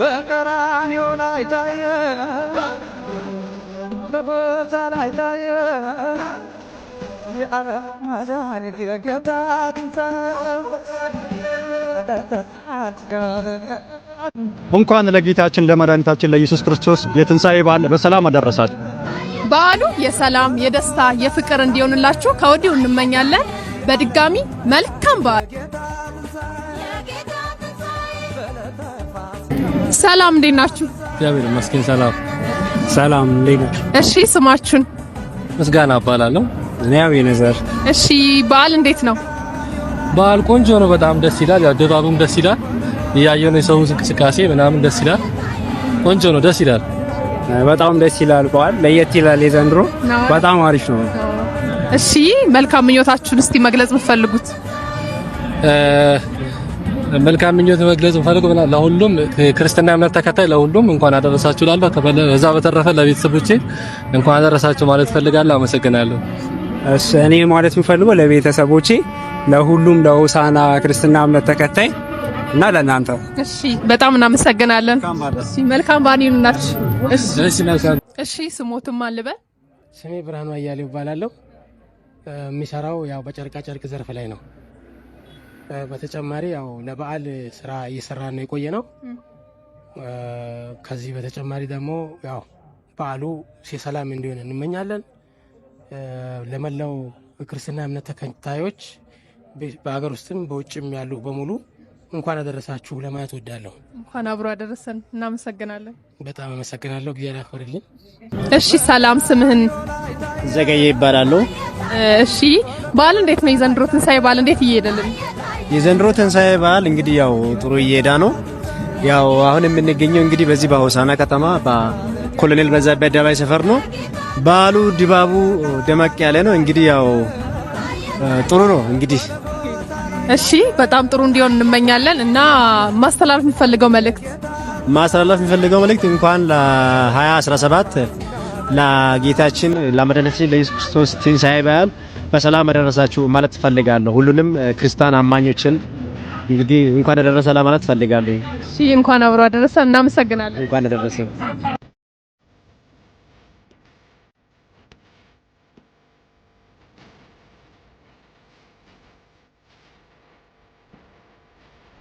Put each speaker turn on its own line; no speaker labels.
በቀራንዮ ላይ ታየ፣ በቦታ ላይ ታየ። ጌታ እንኳን ለጌታችን ለመድኃኒታችን ለኢየሱስ ክርስቶስ የትንሣኤ በዓል በሰላም አደረሳችሁ።
በዓሉ የሰላም የደስታ የፍቅር እንዲሆንላችሁ ከወዲሁ እንመኛለን። በድጋሚ መልካም በዓል ሰላም እንዴት ናችሁ?
እግዚአብሔር ይመስገን። ሰላም
ሰላም፣ እንዴት ናችሁ?
እሺ፣ ስማችሁን?
ምስጋና እባላለሁ።
እኔ ያው
እሺ፣ በዓል እንዴት ነው?
በዓል ቆንጆ ነው። በጣም ደስ ይላል። ያው ድባቡም ደስ ይላል። እያየሁ ነው የሰው እንቅስቃሴ ምናምን ደስ ይላል። ቆንጆ ነው። ደስ ይላል።
በጣም ደስ ይላል። በዓል ለየት ይላል። የዘንድሮ በጣም አሪፍ ነው።
እሺ፣ መልካም ምኞታችሁን እስቲ መግለጽ የምትፈልጉት
መልካም ምኞት መግለጽ እንፈልግ ብላ ለሁሉም ክርስትና እምነት ተከታይ ለሁሉም እንኳን አደረሳችሁ ተበለ ከዛ በተረፈ ለቤተሰቦቼ እንኳን አደረሳችሁ ማለት ፈልጋለሁ። አመሰግናለሁ።
እሺ እኔ ማለት የምፈልገው ለቤተሰቦቼ ለሁሉም ለሆሳና ክርስትና እምነት ተከታይ እና ለእናንተ
እሺ፣ በጣም እናመሰግናለን። እሺ፣ መልካም ባኒ ይሁንላችሁ።
እሺ፣ እሺ። ስሞትም አልበል።
ስሜ ብርሃኑ አያሌው እባላለሁ። የሚሰራው ያው በጨርቃ ጨርቅ ዘርፍ ላይ ነው። በተጨማሪ ያው ለበዓል ስራ እየሰራ ነው የቆየ ነው። ከዚህ በተጨማሪ ደግሞ ያው በዓሉ የሰላም እንዲሆን እንመኛለን። ለመላው ክርስትና እምነት ተከታዮች በሀገር ውስጥም በውጭም ያሉ በሙሉ እንኳን አደረሳችሁ ለማለት ወዳለሁ።
እንኳን አብሮ አደረሰን። እናመሰግናለን።
በጣም አመሰግናለሁ። ጊዜ ያክብርልኝ።
እሺ፣ ሰላም። ስምህን?
ዘገየ ይባላሉ።
እሺ፣ በዓል እንዴት ነው የዘንድሮ ትንሳኤ በዓል እንዴት እየሄደልን
የዘንድሮ ትንሳኤ በዓል እንግዲህ ያው ጥሩ እየሄዳ ነው። ያው አሁን የምንገኘው እንግዲህ በዚህ በሆሳና ከተማ በኮሎኔል በዛብህ አደባባይ ሰፈር ነው። በዓሉ ድባቡ ደመቅ ያለ ነው። እንግዲህ ያው ጥሩ ነው እንግዲህ
እሺ፣ በጣም ጥሩ እንዲሆን እንመኛለን እና ማስተላለፍ የሚፈልገው መልእክት
ማስተላለፍ የሚፈልገው መልእክት እንኳን ለ2017 ለጌታችን ለመድኃኒታችን ለኢየሱስ ክርስቶስ ትንሳኤ በዓል በሰላም አደረሳችሁ ማለት ፈልጋለሁ። ሁሉንም ክርስቲያን አማኞችን እንግዲህ እንኳን አደረሰ ለማለት ፈልጋለሁ።
እሺ፣ እንኳን አብሮ አደረሰ። እናመሰግናለን።
እንኳን አደረሰ።